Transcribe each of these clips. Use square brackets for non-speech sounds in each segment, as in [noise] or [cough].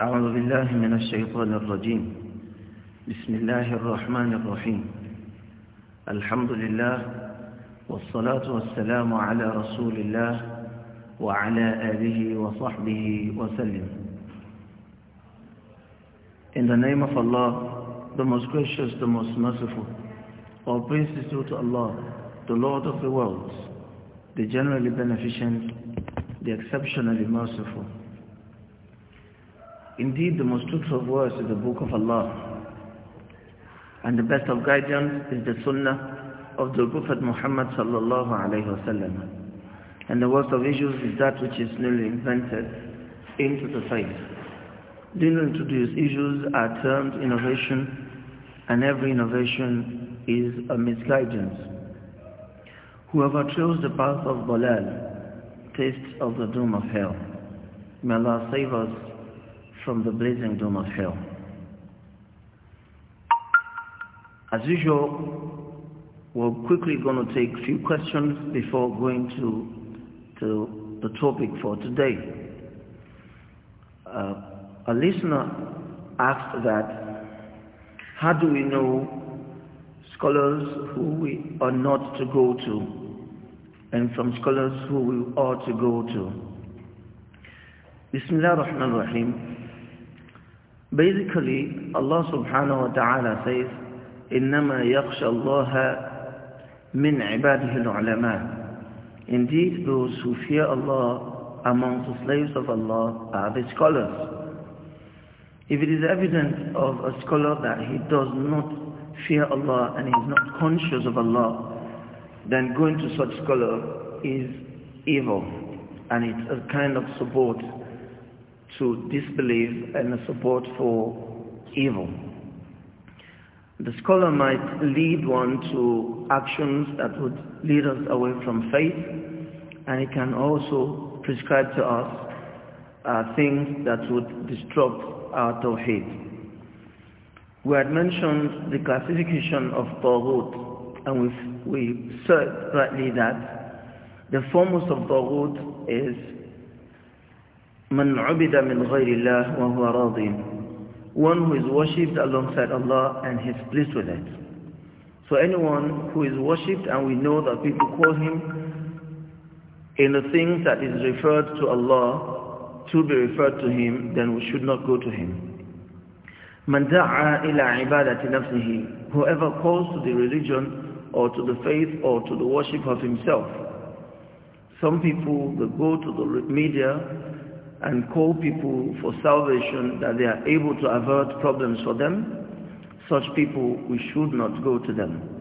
أعوذ بالله من الشيطان الرجيم بسم الله الرحمن الرحيم الحمد لله والصلاة والسلام على رسول الله وعلى آله وصحبه وسلم In the name of Allah, the most gracious, the most merciful, all praise is due to Allah, the Lord of the worlds, the generally beneficent, the exceptionally merciful. Indeed, the most truthful verse is the Book of Allah. And the best of guidance is the Sunnah of the Prophet Muhammad sallallahu alayhi wasallam. And the worst of issues is that which is newly invented into the faith. Dealing introduced issues are termed innovation, and every innovation is a misguidance. Whoever chose the path of Balal tastes of the doom of hell. May Allah save us from the blazing dome of hell. As usual, we're quickly going to take a few questions before going to, to the topic for today. Uh, a listener asked that, how do we know scholars who we are not to go to and from scholars who we ought to go to? Bismillah ar-Rahman ar-Rahim. Basically, Allah subhanahu wa ta'ala says, إِنَّمَا يَخْشَى اللَّهَ مِنْ عِبَادِهِ الْعُلَمَاءِ Indeed, those who fear Allah among the slaves of Allah are the scholars. If it is evident of a scholar that he does not fear Allah and he is not conscious of Allah, then going to such scholar is evil and it's a kind of support to disbelief and support for evil. The scholar might lead one to actions that would lead us away from faith and he can also prescribe to us uh, things that would disrupt our tawheed. We had mentioned the classification of Tawhut and we we said rightly that the foremost of Tawhut is one who is worshipped alongside Allah and he is pleased with it. So anyone who is worshipped and we know that people call him in the things that is referred to Allah to be referred to him, then we should not go to him. Whoever calls to the religion or to the faith or to the worship of himself. Some people, they go to the media and call people for salvation that they are able to avert problems for them, such people, we should not go to them.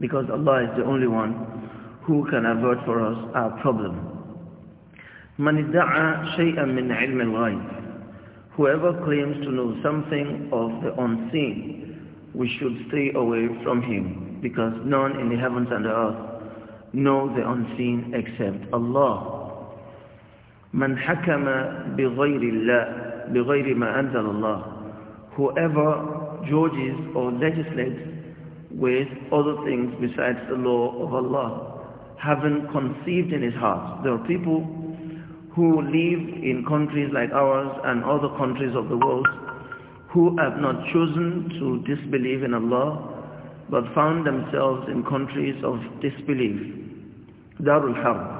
Because Allah is the only one who can avert for us our problem. من ادعى شيئا من علم الغيب Whoever claims to know something of the unseen, we should stay away from him, because none in the heavens and the earth know the unseen except Allah. Man hakama bighayrillah, bighayri Whoever judges or legislates with other things besides the law of Allah, having conceived in his heart. There are people who live in countries like ours and other countries of the world who have not chosen to disbelieve in Allah but found themselves in countries of disbelief. Darul Harb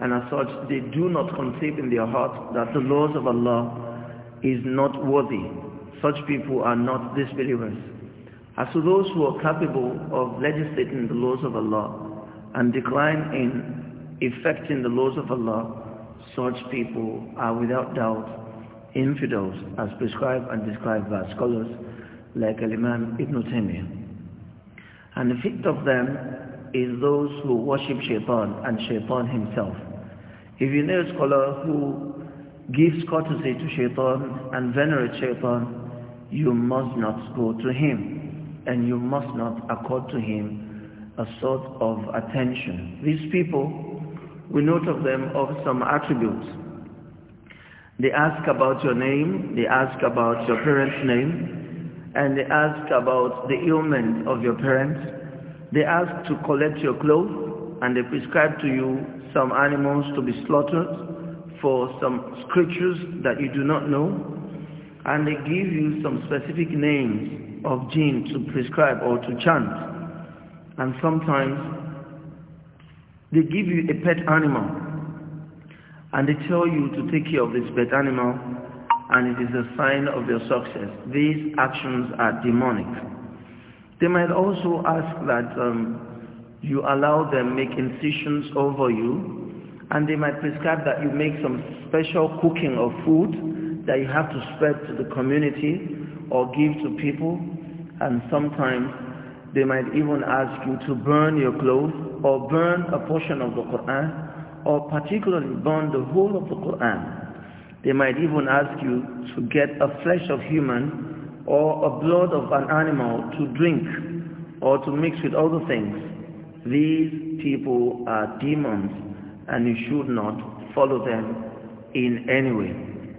and as such they do not conceive in their heart that the laws of Allah is not worthy. Such people are not disbelievers. As to those who are capable of legislating the laws of Allah and decline in effecting the laws of Allah, such people are without doubt infidels as prescribed and described by scholars like Imam Ibn Taymiyyah. And the fifth of them is those who worship Shaitan and Shaitan himself. If you know a scholar who gives courtesy to shaitan and venerates shaitan, you must not go to him and you must not accord to him a sort of attention. These people, we note of them of some attributes. They ask about your name, they ask about your parents' name, and they ask about the ailment of your parents. They ask to collect your clothes and they prescribe to you some animals to be slaughtered for some creatures that you do not know. And they give you some specific names of jinn to prescribe or to chant. And sometimes they give you a pet animal and they tell you to take care of this pet animal and it is a sign of your success. These actions are demonic. They might also ask that um, you allow them make incisions over you and they might prescribe that you make some special cooking of food that you have to spread to the community or give to people and sometimes they might even ask you to burn your clothes or burn a portion of the Quran or particularly burn the whole of the Quran. They might even ask you to get a flesh of human or a blood of an animal to drink or to mix with other things these people are demons and you should not follow them in any way.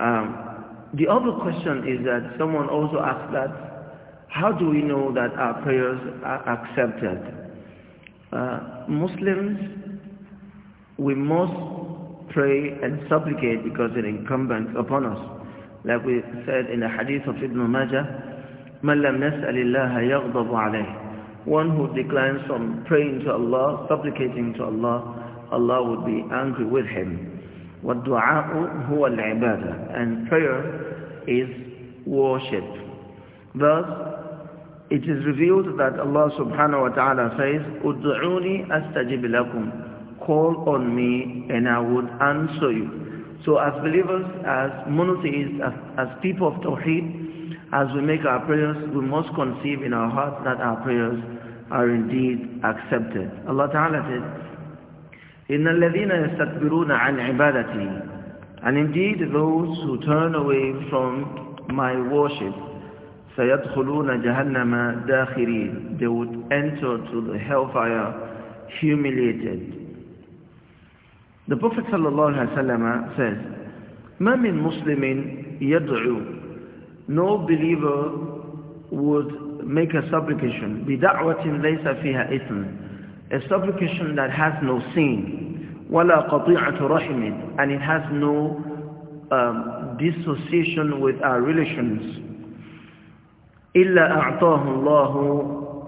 Um, the other question is that someone also asked that, how do we know that our prayers are accepted? Uh, Muslims, we must pray and supplicate because it's incumbent upon us. Like we said in the hadith of Ibn Majah, مَنْ لَمْ نَسْأَلِ اللَّهَ يَغْضَبُ عَلَيْهِ one who declines from praying to Allah, supplicating to Allah, Allah would be angry with him. وَالدُّعَاءُ هُوَ الْعِبَادَةِ And prayer is worship. Thus, it is revealed that Allah subhanahu wa ta'ala says, أُدْعُونِي أَسْتَجِبْ لَكُمْ Call on me and I would answer you. So as believers, as monotheists, as, as people of Tawheed, as we make our prayers, we must conceive in our hearts that our prayers are indeed accepted. Allah Ta'ala said, إِنَّ الَّذِينَ يَسْتَكْبِرُونَ عَنْ عِبَادَتِي And indeed those who turn away from my worship, سَيَدْخُلُونَ جَهَنَّمَ دَاخِرِينَ They would enter to the hellfire humiliated. The Prophet ﷺ says, مَا مِن مُسْلِمٍ يَدْعُو no believer would make a supplication بدعوة ليس فيها إثم a supplication that has no sin ولا قطيعة رحم and it has no um, dissociation with our relations إلا أعطاه الله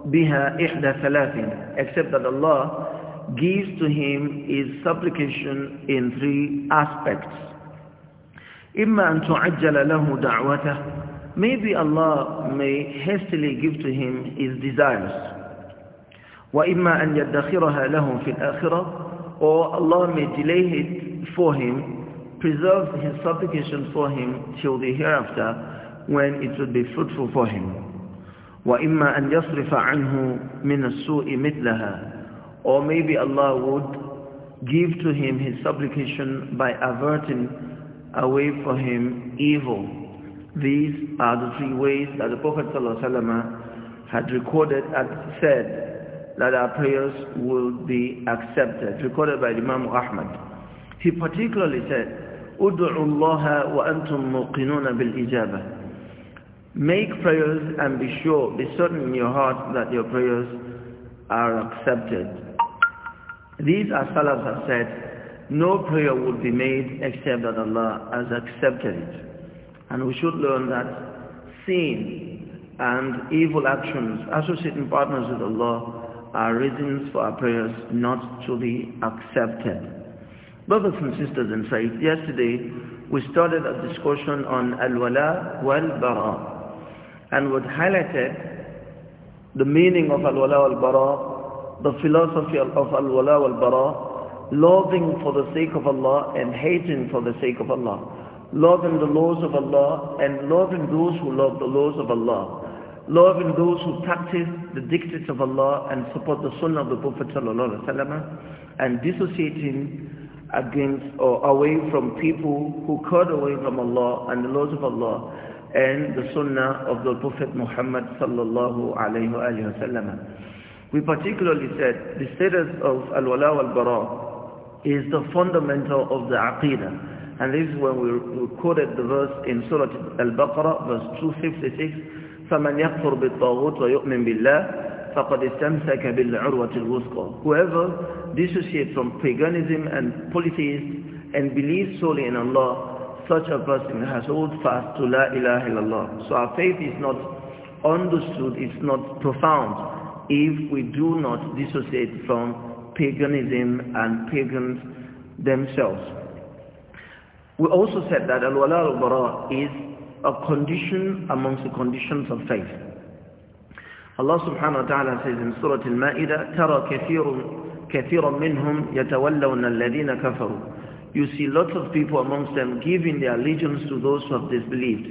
بها إحدى ثلاث except that Allah gives to him his supplication in three aspects إما أن تعجل له دعوته Maybe Allah may hastily give to him his desires. وَإِمَّا أَنْ يَدَّخِرَهَا لَهُمْ فِي الْآخِرَةِ Or Allah may delay it for him, preserve his supplication for him till the hereafter when it would be fruitful for him. وَإِمَّا أَنْ يَصْرِفَ عَنْهُ مِنَ السُّوءِ مِثْلَهَا Or maybe Allah would give to him his supplication by averting away from him evil. These are the three ways that the Prophet ﷺ had recorded and said that our prayers will be accepted, recorded by Imam Ahmad. He particularly said, أُدْعُوا اللَّهَ وَأَنْتُمْ مُقِنُونَ بِالْإِجَابَةِ Make prayers and be sure, be certain in your heart that your prayers are accepted. These, as Salaf have said, no prayer would be made except that Allah has accepted it. And we should learn that sin and evil actions, associating partners with Allah, are reasons for our prayers not to be accepted. Brothers and sisters in faith, yesterday we started a discussion on al-wala wal-bara and we highlighted the meaning of al-wala wal-bara, the philosophy of al-wala wal-bara, loving for the sake of Allah and hating for the sake of Allah loving the laws of Allah and loving those who love the laws of Allah, loving those who practice the dictates of Allah and support the sunnah of the Prophet and dissociating against or away from people who cut away from Allah and the laws of Allah and the sunnah of the Prophet Muhammad sallallahu alayhi wa sallam. We particularly said the status of al-wala wal-bara is the fundamental of the aqidah and this is when we, we quoted the verse in Surah Al-Baqarah, verse 256, فَمَنْ يَكْفُرْ بِالطَّاغُوتِ وَيُؤْمِنْ بِاللَّهِ فَقَدْ اسْتَمْسَكَ بِالْعُرْوَةِ الْوُثْقَى Whoever dissociates from paganism and polytheism and believes solely in Allah, such a person has hold fast to La ilaha illallah. So our faith is not understood, it's not profound if we do not dissociate from paganism and pagans themselves. We also said that al-wala al-bara is a condition amongst the conditions of faith. Allah subhanahu wa ta'ala says in Surah Al-Ma'idah, تَرَى كَثِيرٌ minhum مِّنْهُمْ يَتَوَلَّوْنَ الَّذِينَ كَفَرُوا You see lots of people amongst them giving their allegiance to those who have disbelieved.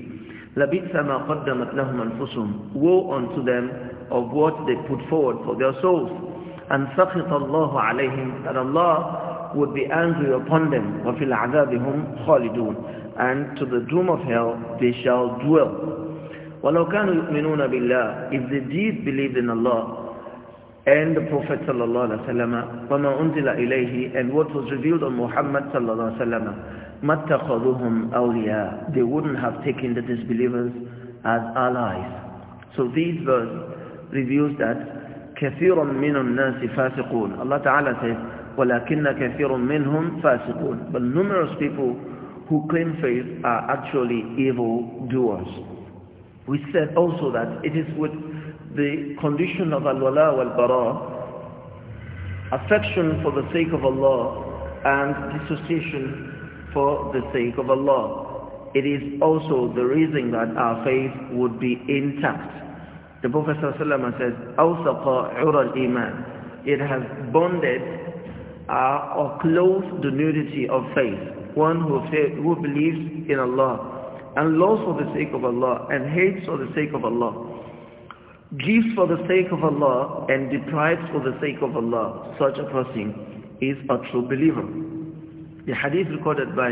لَبِئْثَ مَا قَدَّمَتْ لَهُمْ أَنفُسُهُمْ Woe unto them of what they put forward for their souls. And سَخِطَ اللَّهُ عَلَيْهِمْ And Allah would be angry upon them وَفِي الْعَذَابِ هُمْ خَالِدُونَ and to the doom of hell they shall dwell وَلَوْ كَانُوا يُؤْمِنُونَ بِاللَّهِ if they did believe in Allah and the Prophet sallallahu alaihi wasallam, وسلم وَمَا أُنزِلَ إِلَيْهِ and what was revealed on Muhammad sallallahu alaihi wasallam, وسلم مَتَّخَذُهُمْ أَوْلِيَاءَ they wouldn't have taken the disbelievers as allies so these verse reveals that كَثِيرٌ مِّنُ النَّاسِ فَاسِقُونَ Allah Ta'ala says وَلَكِنَّ كَثِيرٌ مِّنْهُمْ فَاسِقُونَ But numerous people who claim faith are actually evil doers. We said also that it is with the condition of al-wala wal-bara, affection for the sake of Allah and dissociation for the sake of Allah. It is also the reason that our faith would be intact. The Prophet ﷺ says, أَوْثَقَ al iman." It has bonded are or clothes the nudity of faith, one who, faith, who believes in Allah and loves for the sake of Allah and hates for the sake of Allah, gives for the sake of Allah and deprives for the sake of Allah, such a person is a true believer. The hadith recorded by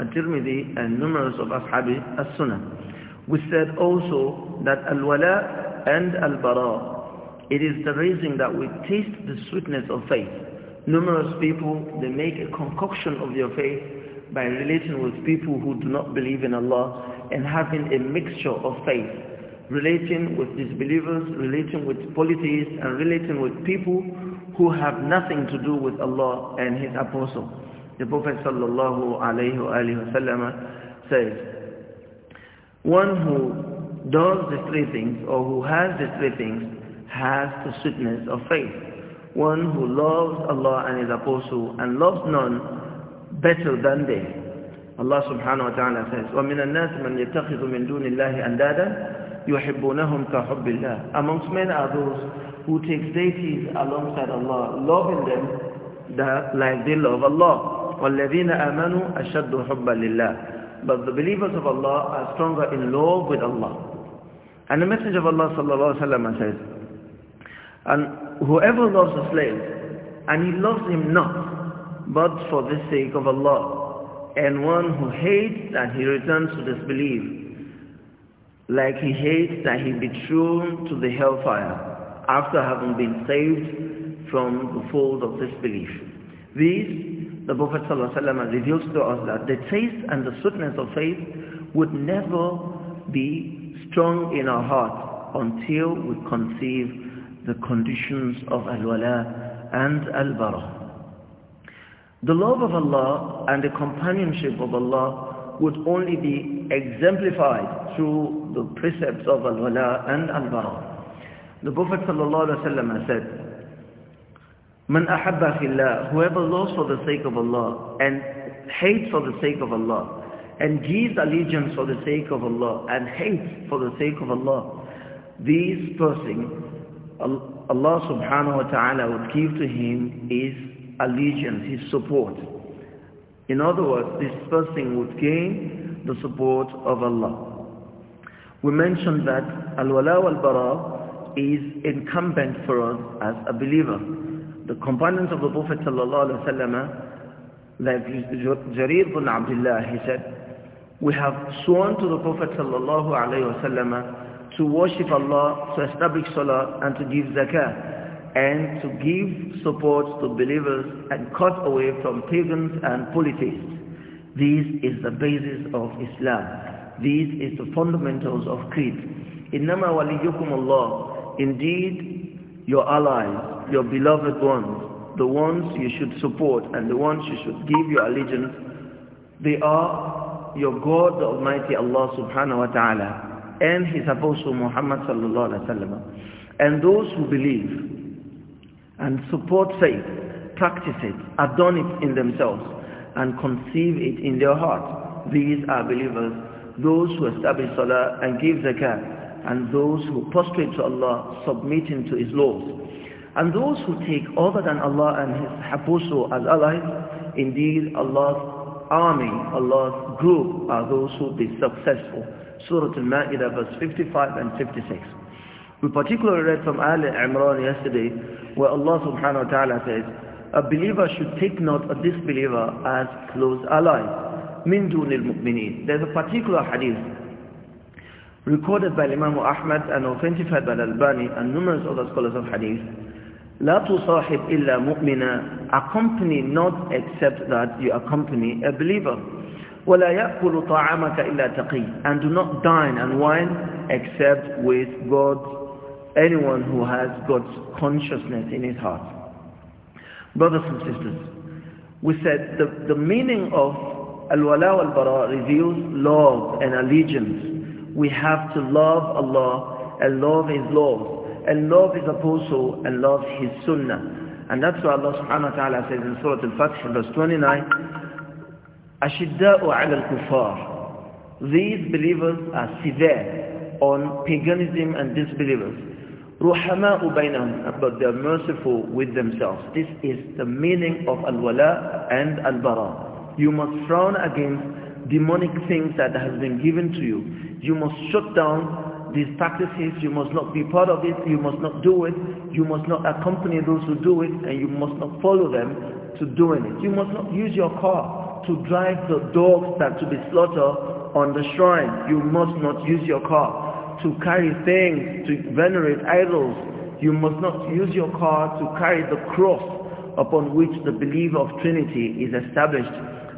At-Tirmidhi and numerous of Ashabi As-Sunnah. We said also that Al-Wala and Al-Bara, it is the reason that we taste the sweetness of faith. Numerous people, they make a concoction of their faith by relating with people who do not believe in Allah and having a mixture of faith, relating with disbelievers, relating with polytheists, and relating with people who have nothing to do with Allah and His Apostle. The Prophet sallallahu alayhi wa says, one who does the three things or who has the three things has the sweetness of faith one who loves Allah and His Apostle and loves none better than they. Allah subhanahu wa ta'ala says, وَمِنَ النَّاسِ مَنْ يَتَّخِذُ مِنْ دُونِ اللَّهِ أَنْدَادًا يُحِبُّونَهُمْ كَحُبِّ اللَّهِ Amongst men are those who take deities alongside Allah, loving them that, like they love Allah. وَالَّذِينَ آمَنُوا أَشَدُّ لِلَّهِ But the believers of Allah are stronger in love with Allah. And the message of Allah sallallahu alaihi wasallam says, and whoever loves a slave and he loves him not but for the sake of Allah and one who hates that he returns to disbelief like he hates that he be thrown to the hellfire after having been saved from the fold of disbelief. These, the Prophet ﷺ reveals to us that the taste and the sweetness of faith would never be strong in our heart until we conceive the conditions of al-wala and al-bara. The love of Allah and the companionship of Allah would only be exemplified through the precepts of al-wala and al-bara. The Prophet ﷺ said, أحب في الله whoever loves for the sake of Allah and hates for the sake of Allah and gives allegiance for the sake of Allah and hates for the sake of Allah, these persons Allah subhanahu wa ta'ala would give to him his allegiance, his support. In other words, this person would gain the support of Allah. We mentioned that al-wala wal-bara is incumbent for us as a believer. The companions of the Prophet sallallahu alaihi wasallam, like Jarir bin Abdullah, he said, we have sworn to the Prophet sallallahu alaihi wasallam to worship Allah, to establish Salah, and to give Zakah and to give support to believers and cut away from pagans and polytheists. This is the basis of Islam. This is the fundamentals of creed. Innama waliyukum Allah. Indeed, your allies, your beloved ones, the ones you should support and the ones you should give your allegiance, they are your God, the Almighty Allah subhanahu wa ta'ala and his apostle Muhammad sallallahu alaihi wasallam. And those who believe and support faith, practice it, adorn it in themselves, and conceive it in their heart. These are believers, those who establish salah and give zakat, and those who prostrate to Allah, submitting to His laws. And those who take other than Allah and His apostle as allies, indeed Allah's army, Allah's group are those who be successful. Surah Al-Ma'idah, verse 55 and 56. We particularly read from Al Imran yesterday, where Allah subhanahu wa ta'ala says, a believer should take note of this believer as close ally." Min dunil mu'mineen. There's a particular hadith recorded by Imam Ahmad and authenticated by al Bani and numerous other scholars of hadith. لا تصاحب إلا مؤمنا. Accompany not except that you accompany a believer. وَلَا يَأْكُلُ طَعَامَكَ إِلَّا تَقِي And do not dine and wine except with God, anyone who has God's consciousness in his heart. Brothers and sisters, we said the, the meaning of Al-Wala wal-Bara reveals love and allegiance. We have to love Allah and love His laws and love His apostle and love His sunnah. And that's why Allah subhanahu wa ta'ala says in Surah Al-Fatih verse 29, Ashidda'u ala al kufar These believers are severe on paganism and disbelievers. Ruhama'u bainahum, but they are merciful with themselves. This is the meaning of al-wala and al-bara. You must frown against demonic things that has been given to you. You must shut down these practices, you must not be part of it, you must not do it, you must not accompany those who do it, and you must not follow them to doing it. You must not use your car to drive the dogs that to be slaughtered on the shrine. You must not use your car to carry things, to venerate idols. You must not use your car to carry the cross upon which the belief of Trinity is established.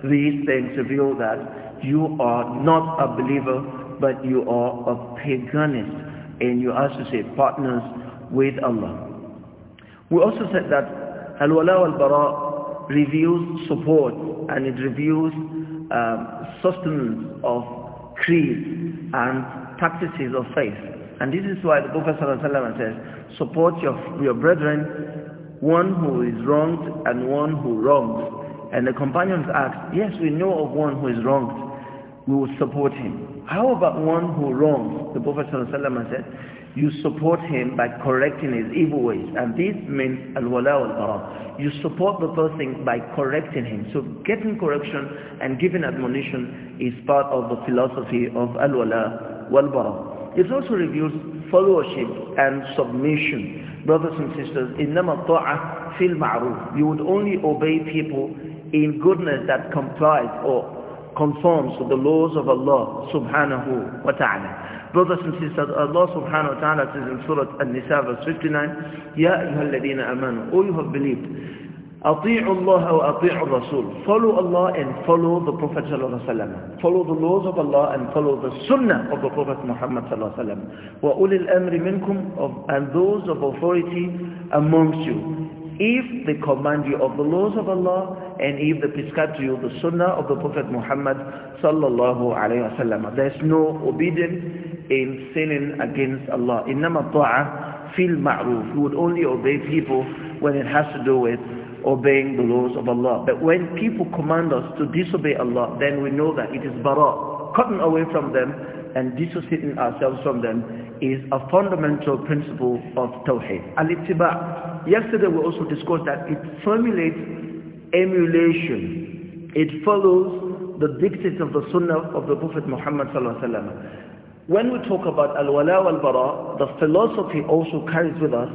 These things reveal that you are not a believer, but you are a paganist, and you associate partners with Allah. We also said that al-wala wal-bara reveals support and it reveals um, sustenance of creeds and practices of faith. And this is why the Prophet ﷺ says, support your, your brethren, one who is wronged and one who wrongs. And the companions asked, yes, we know of one who is wronged. We will support him. How about one who wrongs? The Prophet said, you support him by correcting his evil ways. And this means al-wala wal-bara. You support the person by correcting him. So getting correction and giving admonition is part of the philosophy of al-wala wal-bara. It also reveals followership and submission. Brothers and sisters, إِنَّمَا الطَّاعَةِ fil الْمَعْرُوفِ You would only obey people in goodness that complies or conforms to the laws of Allah subhanahu wa ta'ala. Brothers and sisters, Allah subhanahu wa ta'ala says in Surah An-Nisa verse 59, Ya ayyuhal ladina amanu, O you have believed, أطيعوا الله وأطيعوا الرسول Follow Allah and follow the Prophet صلى الله عليه وسلم Follow the laws of Allah and follow the sunnah of the Prophet Muhammad صلى الله عليه وسلم وَأُولِي الْأَمْرِ مِنْكُمْ and those of authority amongst you if they command you of the laws of Allah and if they prescribe to you the sunnah of the Prophet Muhammad sallallahu alayhi wa sallam. There is no obedience in sinning against Allah. إِنَّمَا الطَّاعَةِ fil ma'ruf. You would only obey people when it has to do with obeying the laws of Allah. But when people command us to disobey Allah, then we know that it is bara, cutting away from them and dissociating ourselves from them is a fundamental principle of Tawheed. Al-Ittiba. Yesterday we also discussed that it formulates emulation. It follows the dictates of the Sunnah of the Prophet Muhammad sallallahu alaihi wasallam when we talk about al-wala wal-bara, the philosophy also carries with us,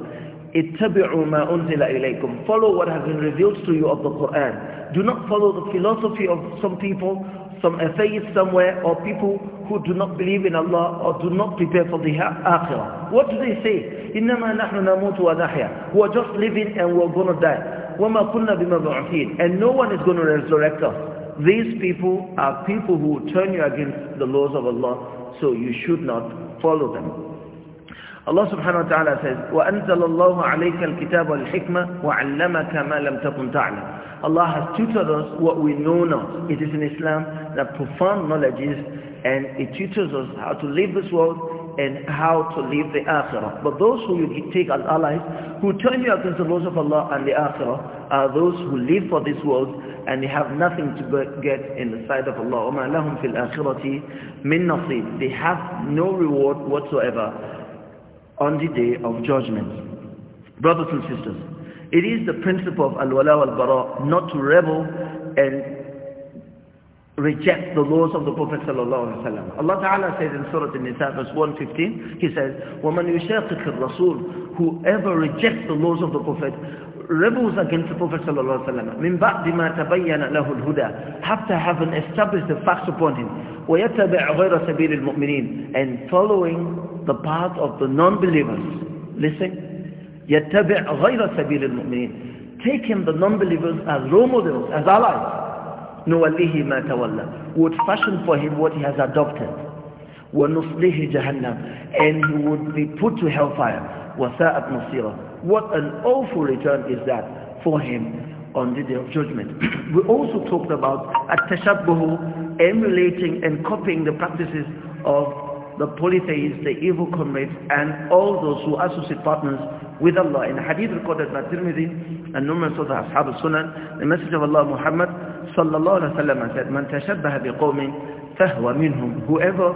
اتبعوا ما أنزل إليكم. Follow what has been revealed to you of the Quran. Do not follow the philosophy of some people, some atheists somewhere, or people who do not believe in Allah or do not prepare for the akhirah. What do they say? إِنَّمَا نَحْنُ نَمُوتُ وَنَحْيَا We're just living and we're going to die. وَمَا كُنَّا بِمَبْعُثِينَ And no one is going to resurrect us. These people are people who turn you against the laws of Allah so you should not follow them. Allah subhanahu wa ta'ala says, وَأَنْزَلَ اللَّهُ عَلَيْكَ الْكِتَابَ وَالْحِكْمَةِ وَعَلَّمَكَ مَا لَمْ تَكُنْ تَعْلَمْ Allah has tutored us what we know not. It is in Islam that profound knowledge is and it tutors us how to live this world and how to live the akhirah. But those who you take as allies, who turn you against the laws of Allah and the akhirah, are those who live for this world and they have nothing to get in the sight of Allah. وَمَا لَهُمْ فِي الْآخِرَةِ مِنْ نَصِيبٍ They have no reward whatsoever on the day of judgment. Brothers and sisters, it is the principle of al-wala wal-bara not to rebel and reject the laws of the Prophet sallallahu alaihi wasallam. Allah Ta'ala says in Surah An-Nisa verse 115, He says, وَمَنْ يُشَاقِقِ الرَّسُولِ Whoever rejects the laws of the Prophet, rebels against the Prophet ﷺ من بعد ما تبين له الهدى after having established the facts upon him ويتبع غير سبيل المؤمنين and following the path of the non-believers listen يتبع غير سبيل المؤمنين take him the non-believers as role models as allies نوليه ما تولى would fashion for him what he has adopted ونصليه جهنم and he would be put to hellfire وَسَاءَتْ مَصِيرًا What an awful return is that for him on the day of judgment. [clears throat] we also talked about at-tashabbuhu, emulating and copying the practices of the polytheists, the evil comrades, and all those who associate partners with Allah. In hadith recorded by Tirmidhi and numerous other Ashab al-Sunan, the message of Allah Muhammad sallallahu alayhi wasallam, said, said, من تشبه بقوم فهو منهم whoever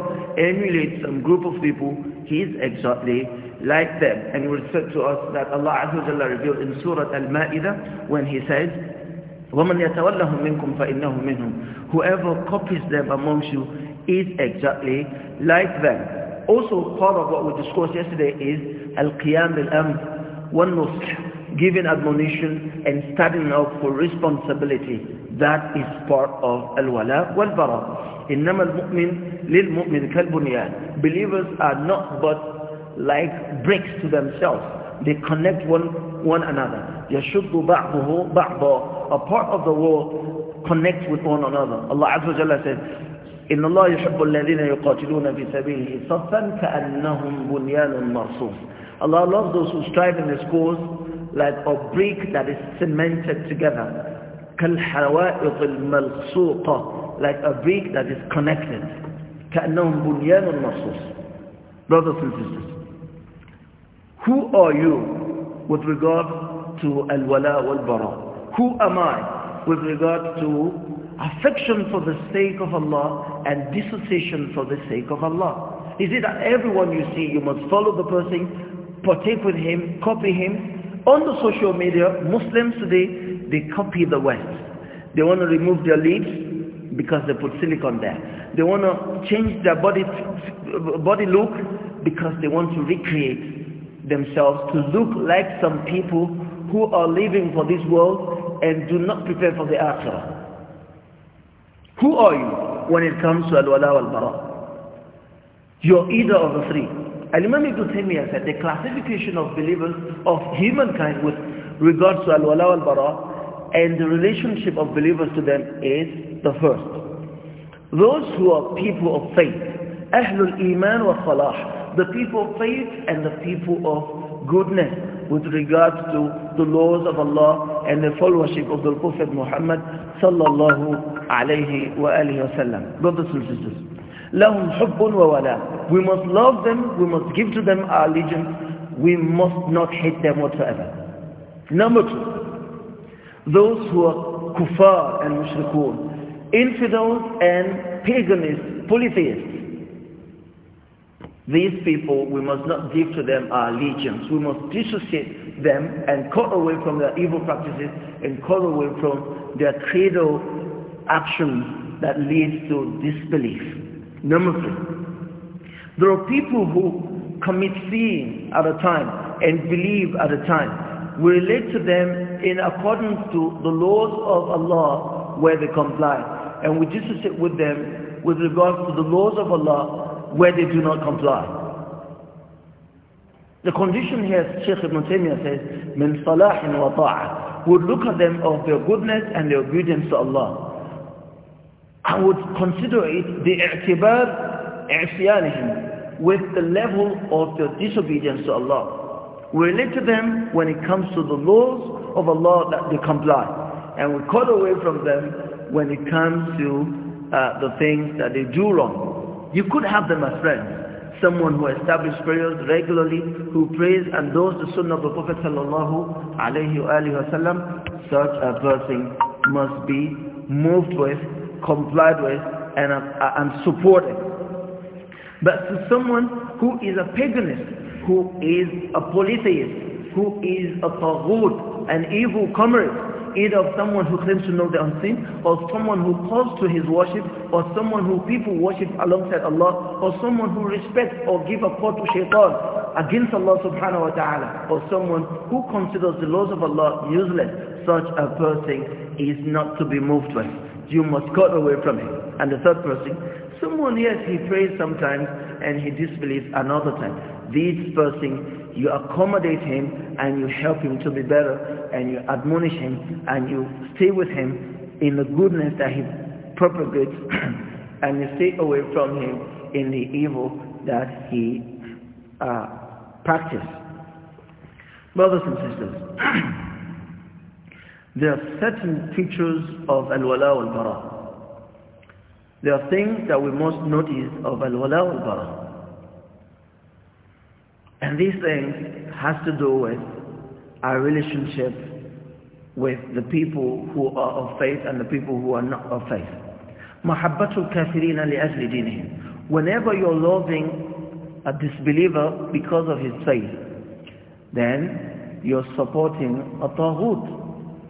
emulates some group of people he is exactly like them and it was said to us that Allah Azza wa Jalla revealed in Surah Al-Ma'idah when he says وَمَنْ يَتَوَلَّهُمْ مِنْكُمْ فَإِنَّهُ مِنْهُمْ whoever copies them amongst you is exactly like them also part of what we discussed yesterday is Al-Qiyam al amr one giving admonition and standing up for responsibility that is part of al-wala wal-bara. bara lil المؤمن kal كالبنيان. Believers are not but like bricks to themselves. They connect one, one another. يشد بعضه بعضا. A part of the world connects with one another. Allah Azza wa Jalla said, إن الله يحب الذين يقاتلون في سبيله صفا كأنهم بنيان مرصوص Allah loves those who strive in His cause like a brick that is cemented together. كالحوائط الملصوقة like a brick that is connected كأنهم بنيان مرصوص brothers and sisters who are you with regard to al-wala wal-bara who am I with regard to affection for the sake of Allah and dissociation for the sake of Allah is it that everyone you see you must follow the person partake with him copy him on the social media Muslims today they copy the West. They want to remove their lips because they put silicone there. They want to change their body, body look because they want to recreate themselves to look like some people who are living for this world and do not prepare for the after. Who are you when it comes to al-wala wal-bara? You're either of the three. Al-Imam Ibn Taymiyyah said the classification of believers of humankind with regards to al-wala wal-bara and the relationship of believers to them is the first. Those who are people of faith, Ahlul Iman wa Salah, the people of faith and the people of goodness with regards to the laws of Allah and the followership of the Prophet Muhammad sallallahu alayhi wa wa sallam. Brothers and sisters, لَهُمْ حُبٌّ وولاء. We must love them, we must give to them our allegiance, we must not hate them whatsoever. Number two, those who are kuffar and mushrikun, infidels and paganists, polytheists. These people, we must not give to them our allegiance. We must dissociate them and cut away from their evil practices and cut away from their credo actions that leads to disbelief. Number three, there are people who commit sin at a time and believe at a time. We relate to them in accordance to the laws of Allah where they comply. And we disagree with them with regards to the laws of Allah where they do not comply. The condition here, Sheikh Ibn Taymiyyah says, من صلاح وطاعة would look at them of their goodness and their obedience to Allah. I would consider it the اعتبار اعصيانهم with the level of their disobedience to Allah. We relate to them when it comes to the laws of Allah that they comply. And we cut away from them when it comes to uh, the things that they do wrong. You could have them as friends someone who establishes prayers regularly, who prays and does the sunnah of the Prophet sallallahu alayhi wa sallam, such a person must be moved with, complied with, and, uh, and supported. But to someone who is a paganist, who is a polytheist, who is a taghut, an evil comrade, either of someone who claims to know the unseen, or someone who calls to his worship, or someone who people worship alongside Allah, or someone who respects or give a call to shaitan against Allah subhanahu wa ta'ala, or someone who considers the laws of Allah useless, such a person is not to be moved by. You must cut away from him. And the third person, someone, yes, he prays sometimes and he disbelieves another time. This person, you accommodate him and you help him to be better and you admonish him and you stay with him in the goodness that he propagates [clears throat] and you stay away from him in the evil that he uh, practices. Brothers and sisters, [clears throat] there are certain features of al-wala wal-bara. There are things that we must notice of al-wala wal-bara. And these things has to do with our relationship with the people who are of faith and the people who are not of faith. Mahabbatul kafirin li'ajli Whenever you're loving a disbeliever because of his faith, then you're supporting a taghut.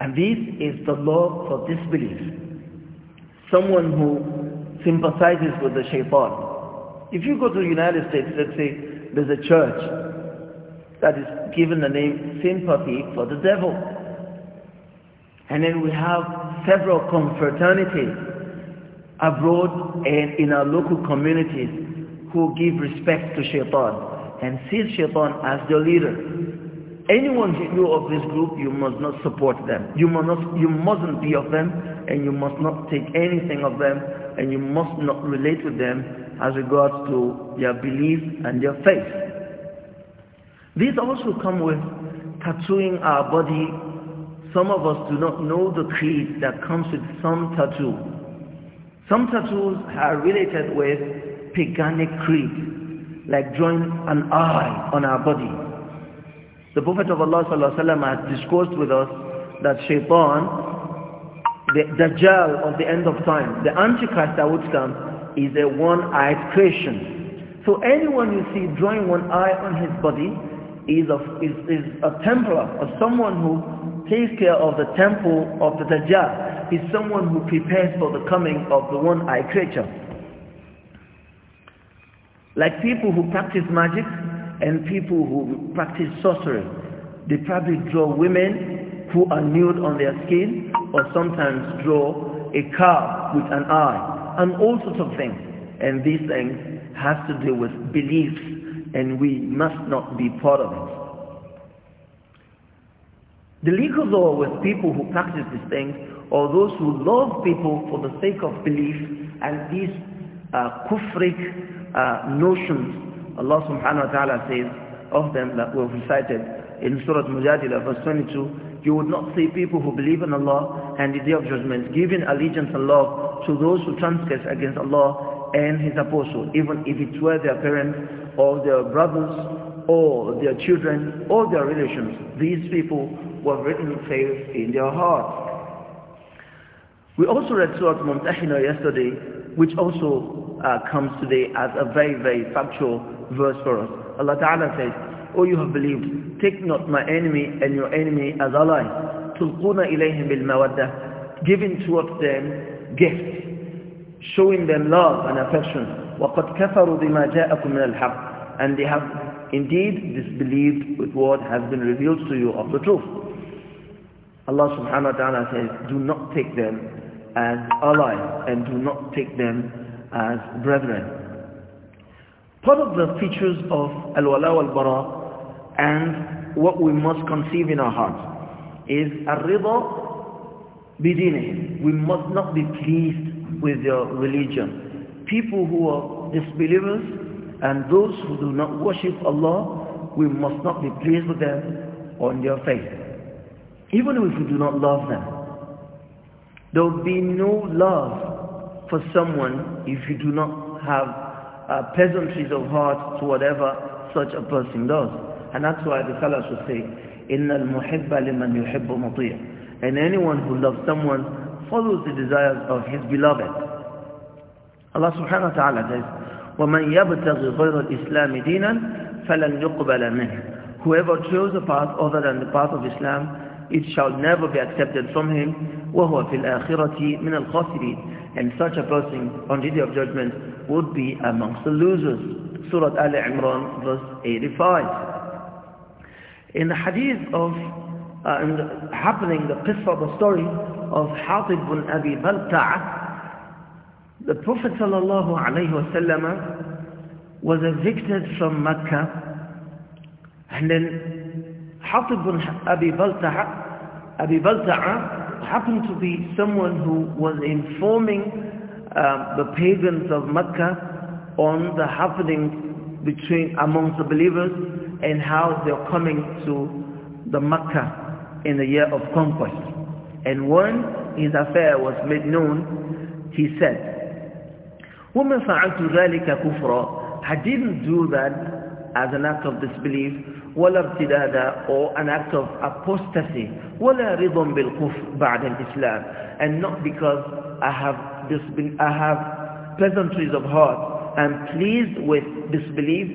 And this is the law for disbelief. Someone who sympathizes with the shaitan. If you go to the United States, let's say there's a church that is given the name sympathy for the devil. And then we have several confraternities abroad and in our local communities who give respect to shaitan and see shaitan as their leader. Anyone you know of this group, you must not support them. You, must not, you mustn't be of them and you must not take anything of them and you must not relate with them as regards to their belief and their faith. These also come with tattooing our body. Some of us do not know the creed that comes with some tattoo. Some tattoos are related with paganic creed, like drawing an eye on our body. The Prophet of Allah ﷺ has discoursed with us that shaitan, the Dajjal of the end of time, the Antichrist that would come, is a one-eyed creation. So anyone you see drawing one eye on his body is, a is, is a Templar, or someone who takes care of the temple of the Dajjal, is someone who prepares for the coming of the one-eyed creature. Like people who practice magic and people who practice sorcery, they probably draw women who are nude on their skin or sometimes draw a cow with an eye and all sorts of things. And these things has to do with beliefs and we must not be part of it. The legal law with people who practice these things or those who love people for the sake of belief and these uh, kufric uh, notions Allah subhanahu wa ta'ala says of them that were recited in Surah Mujadila verse 22 you would not see people who believe in Allah and the Day of Judgment giving allegiance and love to those who transgress against Allah and His Apostle even if it were their parents or their brothers or their children or their relations. These people were written faith in their heart. We also read Surah Mumtahina yesterday, which also uh, comes today as a very, very factual verse for us. Allah Ta'ala says, O you have believed, take not my enemy and your enemy as allies. تُلْقُونَ إِلَيْهِمْ بِالْمَوَدَّةِ Giving towards them gifts showing them love and affection. وَقَدْ كَفَرُوا بِمَا جَاءَكُم مِنَ الْحَقِّ And they have indeed disbelieved with what has been revealed to you of the truth. Allah subhanahu wa ta'ala says, do not take them as allies and do not take them as brethren. Part of the features of al-wala wal-bara and what we must conceive in our hearts is al-rida bidinihim. We must not be pleased with their religion. People who are disbelievers and those who do not worship Allah, we must not be pleased with them on their faith. Even if we do not love them. There will be no love for someone if you do not have uh, pleasantries of heart to whatever such a person does. And that's why the scholars would say, إِنَّ الْمُحِبَّ لِمَنْ يُحِبُّ مَطِيعٍ And anyone who loves someone follows the desires of his beloved. Allah subhanahu wa ta'ala says, وَمَنْ يَبْتَغِ غَيْرَ الْإِسْلَامِ دِينًا فَلَنْ يُقْبَلَ مِنْهِ Whoever chose a path other than the path of Islam, it shall never be accepted from him. وَهُوَ فِي الْآخِرَةِ مِنَ الْخَاسِرِينَ And such a person on the day of judgment would be amongst the losers. Surah Al-Imran verse 85. In the hadith of uh, happening the, happening, the qissa, the story of Hatib bin Abi Balta'a, the Prophet sallallahu alayhi wasallam was evicted from Mecca, and then Hatib bin Abi Balta'a, Abi Balta'a happened to be someone who was informing uh, the pagans of Mecca on the happening between amongst the believers and how they're coming to the Mecca in the year of conquest. And when his affair was made known, he said, وَمَا فَعَلْتُ ذَلِكَ كُفْرًا I didn't do that as an act of disbelief, وَلَا ارْتِدَادًا or an act of apostasy, وَلَا رِضًا بِالْكُفْرِ بَعْدَ الْإِسْلَامِ And not because I have, disbel I have pleasantries of heart, I'm pleased with disbelief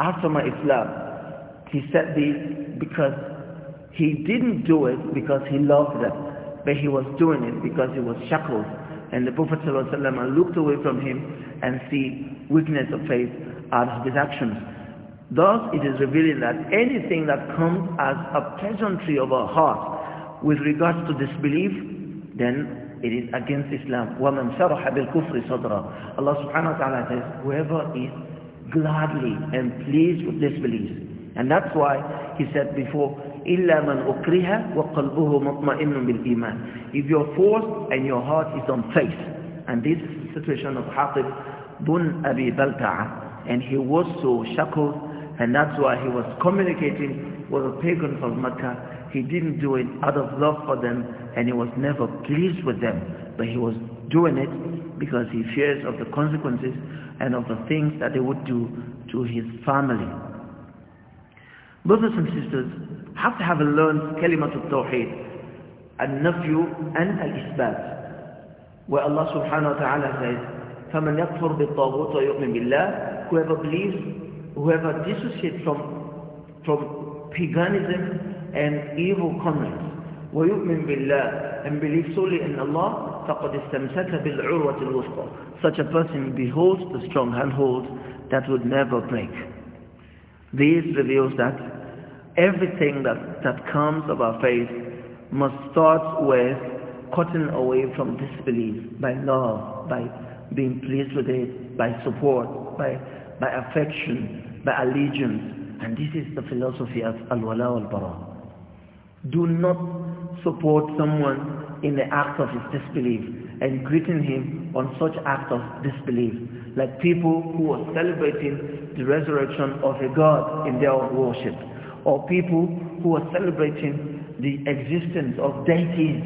after my Islam. He said this because he didn't do it because he loved them, but he was doing it because he was shackled. And the Prophet ﷺ looked away from him and see weakness of faith out of his actions. Thus, it is revealing that anything that comes as a pleasantry of our heart with regards to disbelief, then it is against Islam. وَمَنْ شَرَحَ بِالْكُفْرِ صَدْرًا Allah subhanahu wa ta'ala says, whoever is gladly and pleased with disbelief, and that's why he said before, إِلَّا مَنْ أُكْرِهَ وَقَلْبُهُ مُطْمَئِنٌ بِالْإِيمَانِ If you're forced and your heart is on faith. And this is the situation of Haqib bin Abi Balta'a. And he was so shackled and that's why he was communicating with the pagans of Mecca. He didn't do it out of love for them and he was never pleased with them. But he was doing it because he fears of the consequences and of the things that they would do to his family. Brothers and sisters have to have learned kalimat al-tawheed, al-nafyu and al-isbat. Where Allah subhanahu wa ta'ala says, فَمَنْ يَكْفُرْ بِالطَّاغُوتِ وَيُؤْمِنْ بِاللَّهِ Whoever believes, whoever dissociates from, from paganism and evil comments, وَيُؤْمِنْ بِاللَّهِ and believes solely in Allah, فَقَدْ اسْتَمْسَكَ بِالْعُرْوَةِ الْوُسْطَى Such a person beholds the strong handhold that would never break. This reveals that everything that, that comes of our faith must start with cutting away from disbelief by love, by being pleased with it, by support, by, by affection, by allegiance. And this is the philosophy of Al-Wala al-Bara. Do not support someone in the act of his disbelief and greeting him on such act of disbelief like people who are celebrating the resurrection of a god in their worship, or people who are celebrating the existence of deities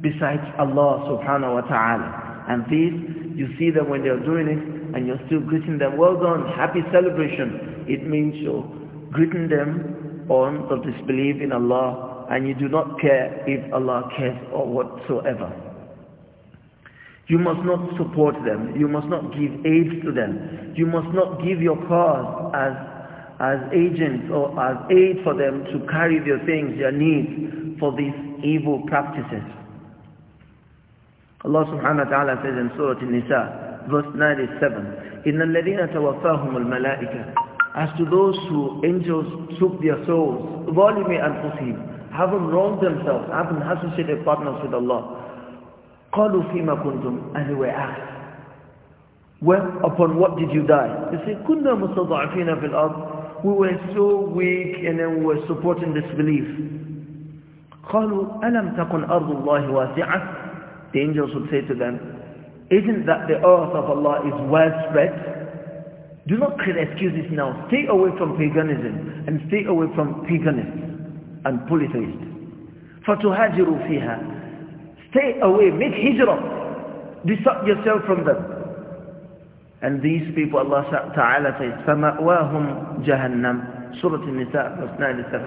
besides Allah subhanahu wa ta'ala. And these, you see them when they are doing it, and you're still greeting them, well done, happy celebration. It means you're greeting them on the disbelief in Allah, and you do not care if Allah cares or whatsoever. You must not support them. You must not give aid to them. You must not give your cause as, as agents or as aid for them to carry their things, their needs for these evil practices. Allah subhanahu wa ta'ala says in Surah An-Nisa, verse 97, إِنَّ الَّذِينَ تَوَفَّاهُمُ الْمَلَائِكَةِ As to those who angels took their souls, ظَالِمِ أَنفُسِهِمْ Haven't wronged themselves, haven't associated partners with Allah. قالوا and they were asked well upon what did you die they said كنا مستضعفين في الأرض we were so weak and then we were supporting this belief قالوا ألم تكن أرض الله the angels would say to them isn't that the earth of Allah is widespread do not create excuses now. Stay away from paganism and stay away from paganism and polytheists. فَتُهَاجِرُوا فِيهَا Stay away, make hijrah. Distance yourself from them. And these people, Allah Ta'ala says, فَمَأْوَاهُمْ جَهَنَّمْ Surah An-Nisa, verse 97.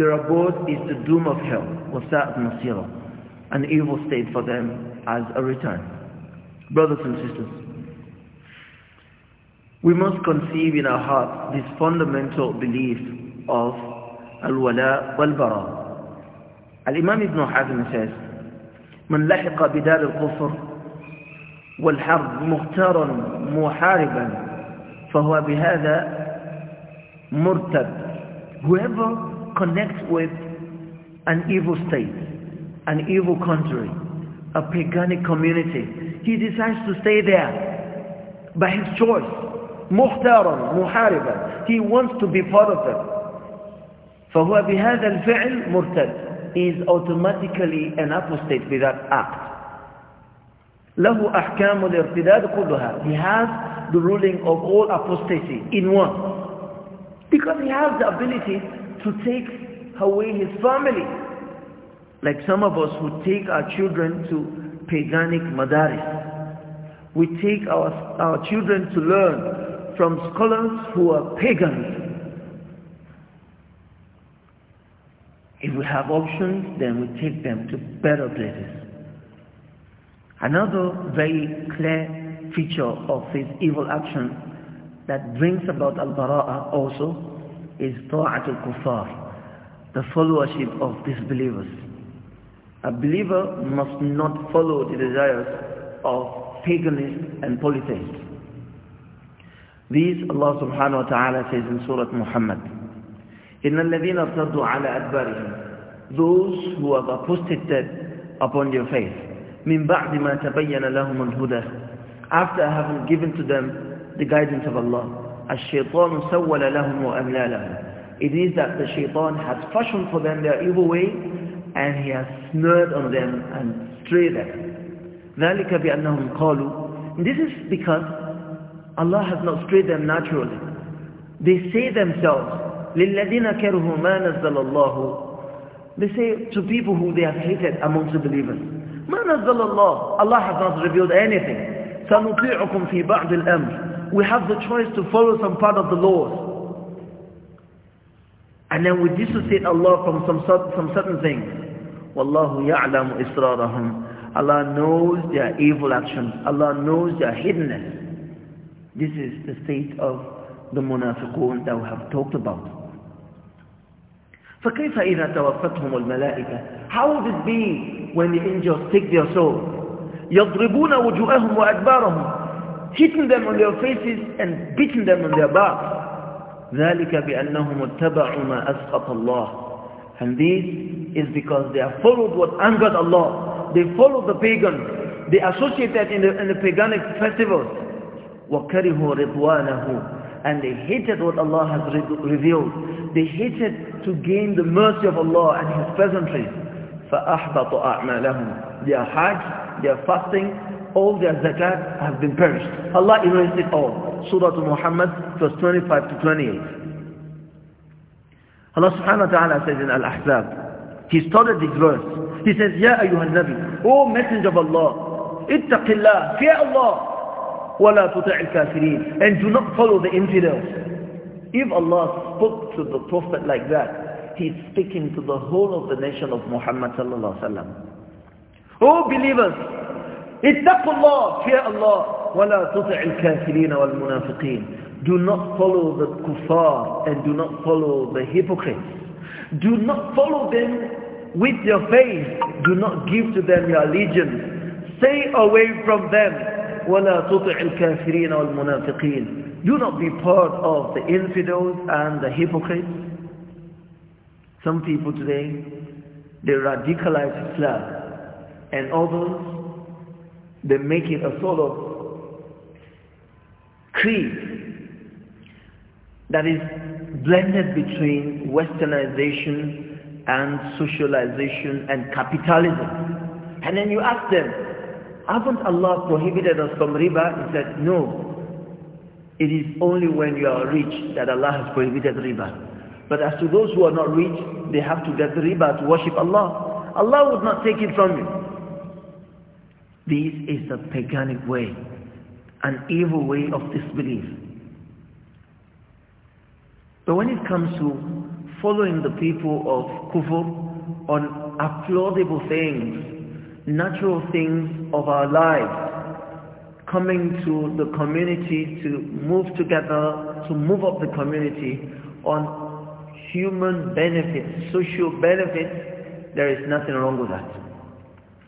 Their abode is the doom of hell, وَسَاءَتْ مَصِيرًا An evil state for them as a return. Brothers and sisters, we must conceive in our hearts this fundamental belief of al-wala wal-bara. Al-Imam Ibn Hazm says, من لحق بدار الكفر والحرب مختارا محاربا فهو بهذا مرتد whoever connects with an evil state an evil country a paganic community he decides to stay there by his choice مختارا محاربا he wants to be part of them فهو بهذا الفعل مرتد is automatically an apostate with that act. له أحكام الارتداد كلها. He has the ruling of all apostasy in one. Because he has the ability to take away his family. Like some of us who take our children to paganic madaris. We take our, our children to learn from scholars who are pagans If we have options, then we take them to better places. Another very clear feature of his evil action that brings about al-bara'a also is ta'at al-kuffar, the followership of disbelievers. A believer must not follow the desires of paganists and polytheists. These Allah subhanahu wa ta'ala says in Surah Muhammad, إن الذين ارتدوا على أدبارهم those who have apostated upon their faith من بعد ما تبين لهم الهدى after having given to them the guidance of Allah الشيطان سول لهم وأملا لهم it is that the shaitan has fashioned for them their evil way and he has snared on them and strayed them ذلك بأنهم قالوا this is because Allah has not strayed them naturally they say themselves لِلَّذِينَ كَرْهُ مَا نَزَّلَ اللَّهُ They say to people who they have hated amongst the believers, مَا نَزَّلَ اللَّهُ Allah has not revealed anything. سَنُطِيعُكُمْ فِي بَعْدِ الْأَمْرِ We have the choice to follow some part of the laws. And then we dissociate Allah from some, some certain things. وَاللَّهُ يَعْلَمُ إِسْرَارَهُمْ Allah knows their evil actions. Allah knows their hiddenness. This is the state of the munafiqun that we have talked about. فكيف إذا توفتهم الملائكة How would it be when the angels take their soul يضربون وجوههم وأدبارهم hitting them on their faces and beating them on their backs ذلك بأنهم اتبعوا ما أسقط الله And this is because they have followed what angered Allah. They followed the pagans. They associated in the, in the paganic festivals. رِضْوَانَهُ and they hated what Allah has re revealed. They hated to gain the mercy of Allah and His pleasantries. فَأَحْبَطُ أَعْمَالَهُمْ Their hajj, their fasting, all their zakat has been perished. Allah erased it all. Surah Muhammad, verse 25 to 28. Allah subhanahu wa ta'ala says in Al-Ahzab, He started this verse. He says, يَا أَيُّهَا النَّبِي O Messenger of Allah, اتَّقِ اللَّهِ Fear Allah. وَلَا تُطِعِ الْكَافِرِينَ And do not follow the infidels. If Allah spoke to the Prophet like that, He's speaking to the whole of the nation of Muhammad sallallahu alaihi wasallam. O believers, اتقوا الله, fear Allah, وَلَا تُطِعِ الْكَافِرِينَ وَالْمُنَافِقِينَ Do not follow the kuffar and do not follow the hypocrites. Do not follow them with your faith. Do not give to them your allegiance. Stay away from them وَلَا تُطِعِ الْكَافِرِينَ وَالْمُنَافِقِينَ Do not be part of the infidels and the hypocrites. Some people today, they radicalize Islam. And others, they make it a sort of creed that is blended between westernization and socialization and capitalism. And then you ask them, haven't Allah prohibited us from riba? He said, no. It is only when you are rich that Allah has prohibited riba. But as to those who are not rich, they have to get the riba to worship Allah. Allah would not take it from you. This is the paganic way, an evil way of disbelief. But when it comes to following the people of kufr on applaudable things natural things of our lives, coming to the community to move together, to move up the community on human benefits, social benefits, there is nothing wrong with that.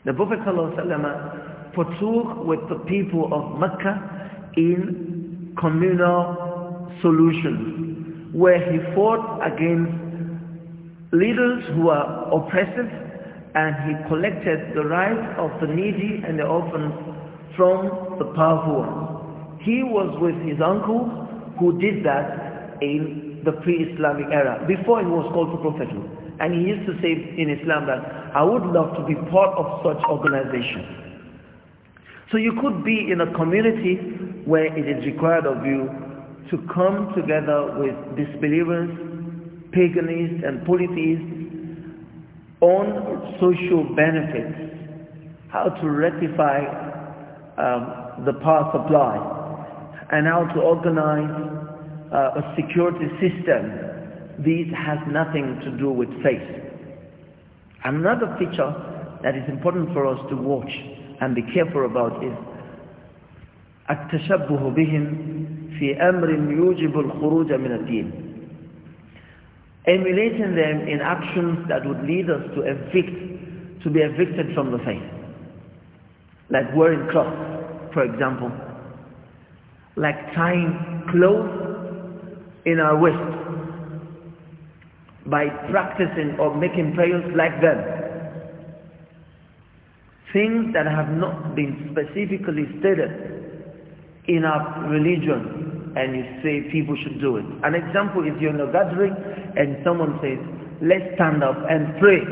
The Prophet ﷺ partook with the people of Mecca in communal solutions where he fought against leaders who are oppressive and he collected the rights of the needy and the orphans from the powerful ones. He was with his uncle who did that in the pre-Islamic era, before he was called to prophethood. And he used to say in Islam that, I would love to be part of such organization. So you could be in a community where it is required of you to come together with disbelievers, paganists and polytheists own social benefits, how to rectify um, the power supply, and how to organize uh, a security system, these has nothing to do with faith. Another feature that is important for us to watch and be careful about is التشبه بهم في أمر يوجب الخروج من الدين emulating them in actions that would lead us to evict, to be evicted from the faith. Like wearing cloth, for example. Like tying clothes in our waist by practicing or making prayers like them. Things that have not been specifically stated in our religion and you say people should do it. An example is you're in a gathering and someone says, let's stand up and pray.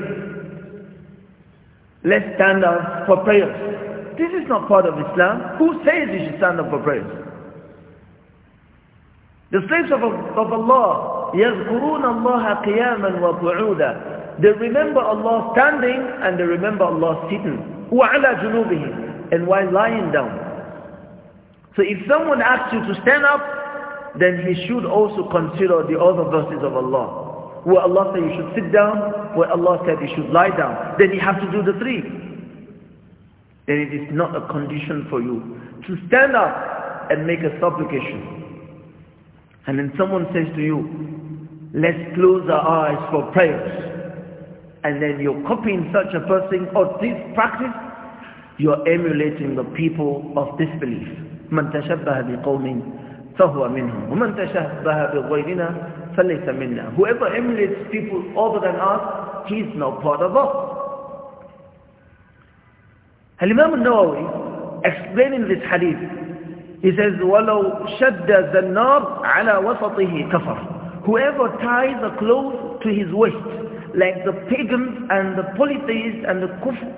Let's stand up for prayers. This is not part of Islam. Who says you should stand up for prayers? The slaves of, of Allah, يَذْكُرُونَ اللَّهَ قِيَامًا وَقُعُودًا They remember Allah standing and they remember Allah sitting. وَعَلَى جُنُوبِهِمْ And while lying down. So if someone asks you to stand up, then he should also consider the other verses of Allah. Where Allah said you should sit down, where Allah said you should lie down. Then you have to do the three. Then it is not a condition for you to stand up and make a supplication. And then someone says to you, let's close our eyes for prayers. And then you're copying such a person or this practice, you're emulating the people of disbelief. من تشبه بقوم فهو منهم ومن تشبه بغيرنا فليس منا whoever emulates people other than us he is not part of us الإمام النووي explaining this hadith he says ولو شد الزنار على وسطه كفر whoever ties a cloth to his waist like the pagans and the polytheists and the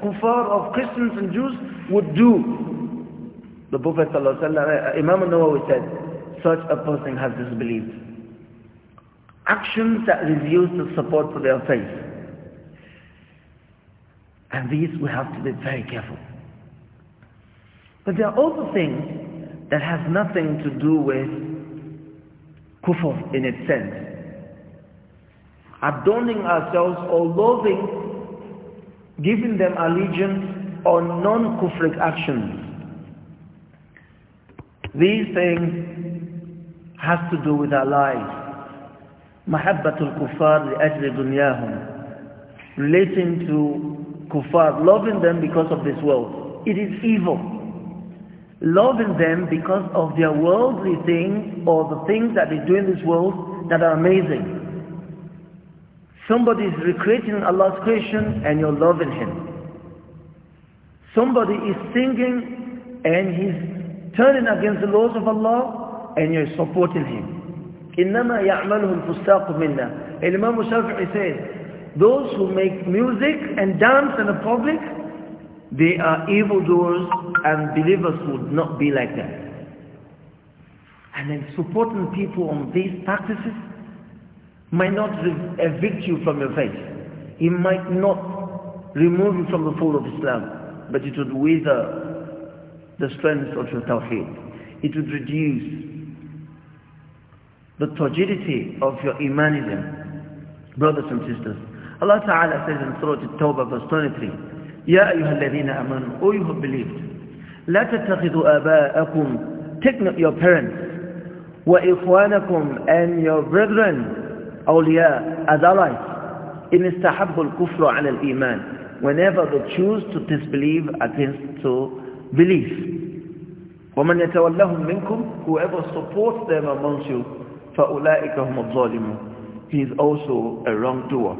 kuffar of Christians and Jews would do the Prophet ﷺ, uh, Imam al-Nawawi said such a person has disbelieved. Actions that is used to support for their faith. And these we have to be very careful. But there are also things that have nothing to do with kufr in its sense. Adorning ourselves or loathing, giving them allegiance or non-kufric actions. These things has to do with our lives. Mahabbatul kuffar li'ajli dunyahum. Relating to kuffar, loving them because of this world. It is evil. Loving them because of their worldly things or the things that they do in this world that are amazing. Somebody is recreating Allah's creation and you're loving him. Somebody is singing and he's turning against the laws of Allah and you're supporting him. إِنَّمَا يَعْمَلُهُ الْفُسَّاقُ مِنَّا Imam Shafi'i says, those who make music and dance in the public, they are evildoers and believers would not be like that. And then supporting people on these practices might not evict you from your faith. It might not remove you from the fold of Islam, but it would wither the strength of your tawheed. It would reduce the turgidity of your imanism. Brothers and sisters, Allah Ta'ala says in Surah At-Tawbah verse 23, Ya أَيُّهَا الَّذِينَ آمَنُوا O you who believed, لَا تَتَّخِذُوا آبَاءَكُمْ Take not your parents, وَإِخْوَانَكُمْ and your brethren, أولياء, as allies, إِنْ اسْتَحَبُّوا الْكُفْرَ عَلى الْإِيمَانِ Whenever they choose to disbelieve against to belief. وَمَنْ يَتَوَلَّهُمْ مِنْكُمْ Whoever supports them amongst you, فَأُولَٰئِكَ هُمُ الظَّالِمُونَ He is also a wrongdoer.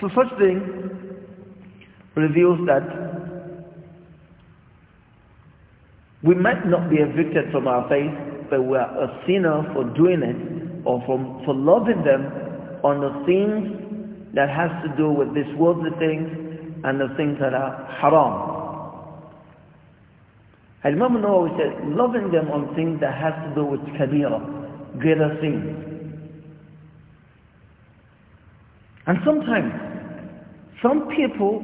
So such thing reveals that we might not be evicted from our faith, but we are a sinner for doing it or from, for loving them on the things that has to do with these worldly things and the things that are haram. Imam Nawawi said loving them on things that has to do with kabira, greater things. And sometimes, some people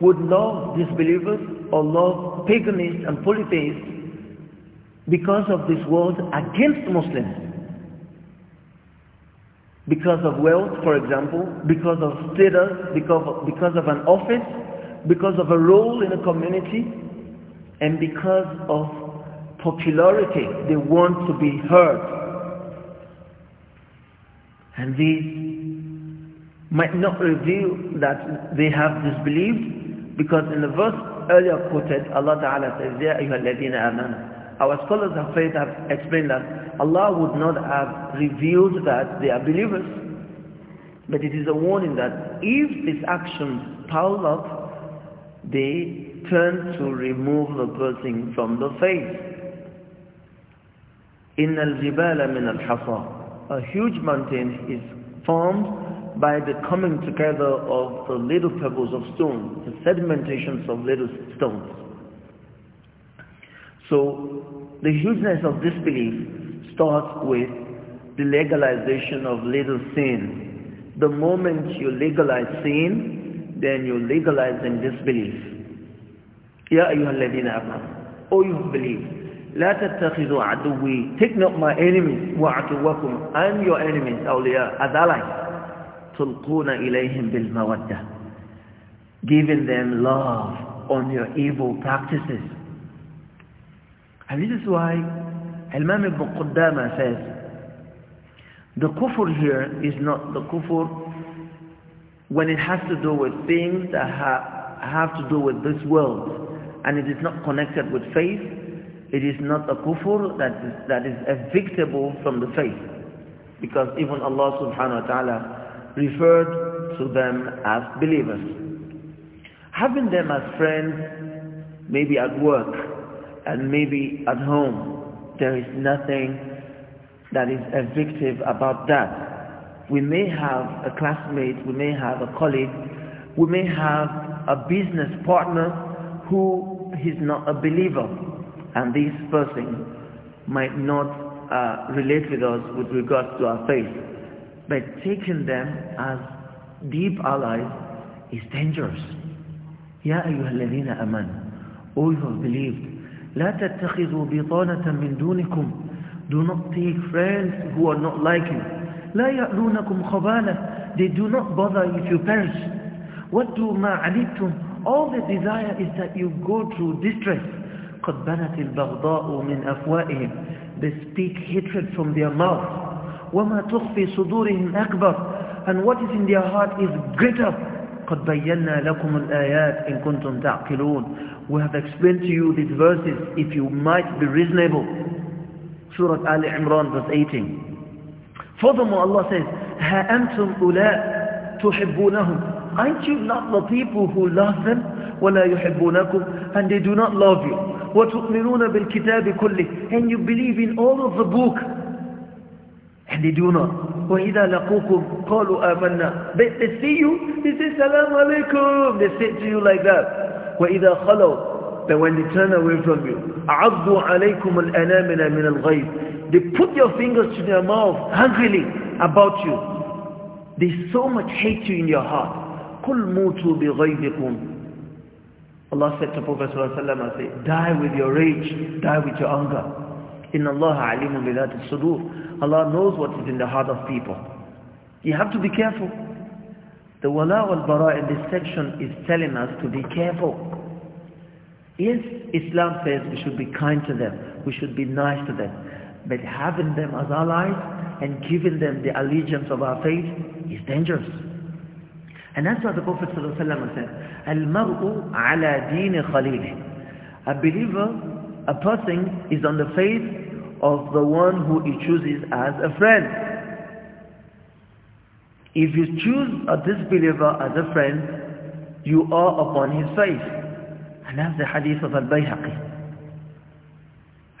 would love disbelievers or love paganists and polytheists because of this world against Muslims. Because of wealth, for example, because of status, because of, because of an office, because of a role in a community, and because of popularity they want to be heard and these might not reveal that they have disbelieved because in the verse earlier quoted Allah Ta'ala says Ya ayyuhalladhina amanu our scholars of faith have explained that Allah would not have revealed that they are believers but it is a warning that if this action follows, up they turn to remove the person from the faith. In al-jibala min al-hasa, a huge mountain is formed by the coming together of the little pebbles of stone, the sedimentations of little stones. So the hugeness of this belief starts with the legalization of little sin. The moment you legalize sin, then you legalize in disbelief. Ya ayyuhalladhina amanu. O you who believe. La tattakhidhu Take not my enemies wa aduwakum and your enemies, awliya, as allies. Tulquna ilayhim bil Giving them love on your evil practices. And this is why Imam ibn Qudama says, the kufr here is not the kufr when it has to do with things that ha have to do with this world and it is not connected with faith, it is not a kufr that is, that is evictable from the faith. Because even Allah subhanahu wa ta'ala referred to them as believers. Having them as friends, maybe at work and maybe at home, there is nothing that is evictive about that. We may have a classmate, we may have a colleague, we may have a business partner who is not a believer and this person might not uh, relate with us with regards to our faith. But taking them as deep allies is dangerous. Ya أيها الذين أمنوا O you have believed لا تتخذوا بطانة من دونكم Do not take friends who are not like you لا يألونكم خبالا They do not bother if you perish What do ما علمتم all they desire is that you go through distress. قَدْ بَنَتِ الْبَغْضَاءُ مِنْ أَفْوَائِهِمْ They speak hatred from their mouth. وَمَا تُخْفِي صُدُورِهِمْ أَكْبَرُ And what is in their heart is greater. قَدْ بَيَّنَّا لَكُمُ الْآيَاتِ إِن كُنْتُمْ تَعْقِلُونَ We have explained to you these verses if you might be reasonable. Surah Al Imran verse 18. Furthermore Allah says, هَا أَنْتُمْ أُولَاء تُحِبُّونَهُمْ aren't you not the people who love them وَلَا يُحِبُّونَكُمْ and they do not love you وَتُؤْمِنُونَ بِالْكِتَابِ كُلِّهِ and you believe in all of the book and they do not وَإِذَا لَقُوكُمْ قَالُوا آمَنَّا they, they see you they say salam alaikum they say to you like that وَإِذَا خَلَوْا but when they turn away from you عَضُّوا عَلَيْكُمُ الْأَنَامِنَ مِنَ الْغَيْبِ they put your fingers to their mouth hungrily about you they so much hate you in your heart Allah said to Prophet ﷺ, die with your rage, die with your anger. إِنَّ Allah عَلِيمٌ بِذَاتِ sudur. Allah knows what is in the heart of people. You have to be careful. The wala wal bara in this section is telling us to be careful. Yes, Islam says we should be kind to them, we should be nice to them, but having them as allies and giving them the allegiance of our faith is dangerous. And that's what the Prophet ﷺ said, Al-mar'u ala deen khalili. A believer, a person is on the faith of the one who he chooses as a friend. If you choose a disbeliever as a friend, you are upon his faith. And that's the hadith of Al-Bayhaqi.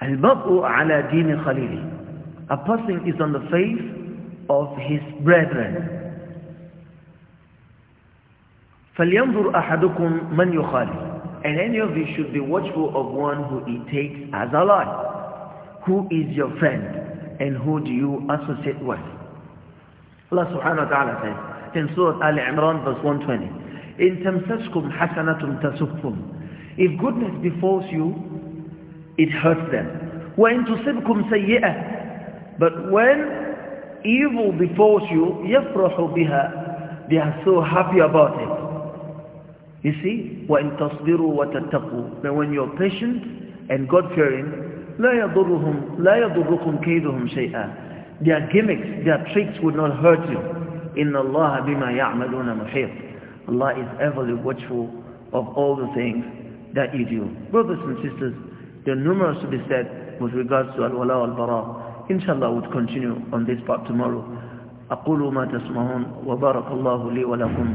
Al-Mar'u ala deen khalili. A person is on the faith of his brethren. فَلْيَنْظُرْ أَحَدُكُمْ مَنْ يُخَالِفُ And any of you should be watchful of one who he takes as a lie, Who is your friend and who do you associate with? Allah subhanahu wa ta'ala says in Surah Al Imran verse 120, إِن تَمْسَسْكُمْ حَسَنَةٌ تَسُبْكُمْ If goodness befalls you, it hurts them. وَإِن تُصِبْكُمْ سَيِّئَةٌ But when evil befalls you, يَفْرَحُ بِهَا They are so happy about it. You see, when تَصْبِرُوا وَتَتَّقُوا But when you're patient and God-fearing, لَا يَضُرُّهُمْ لَا يَضُرُّكُمْ كَيْدُهُم شَيْئًا Their gimmicks, their tricks would not hurt you. إِنَّ اللَّهَ بِمَا يَعْمَلُونَ مُحِيطٌ Allah is everly watchful of all the things that you do. Brothers and sisters, there are numerous to be said with regards to al-wala al-bara. Inshallah, we'll continue on this part tomorrow. أقول ما تسمعون وبارك الله لي ولكم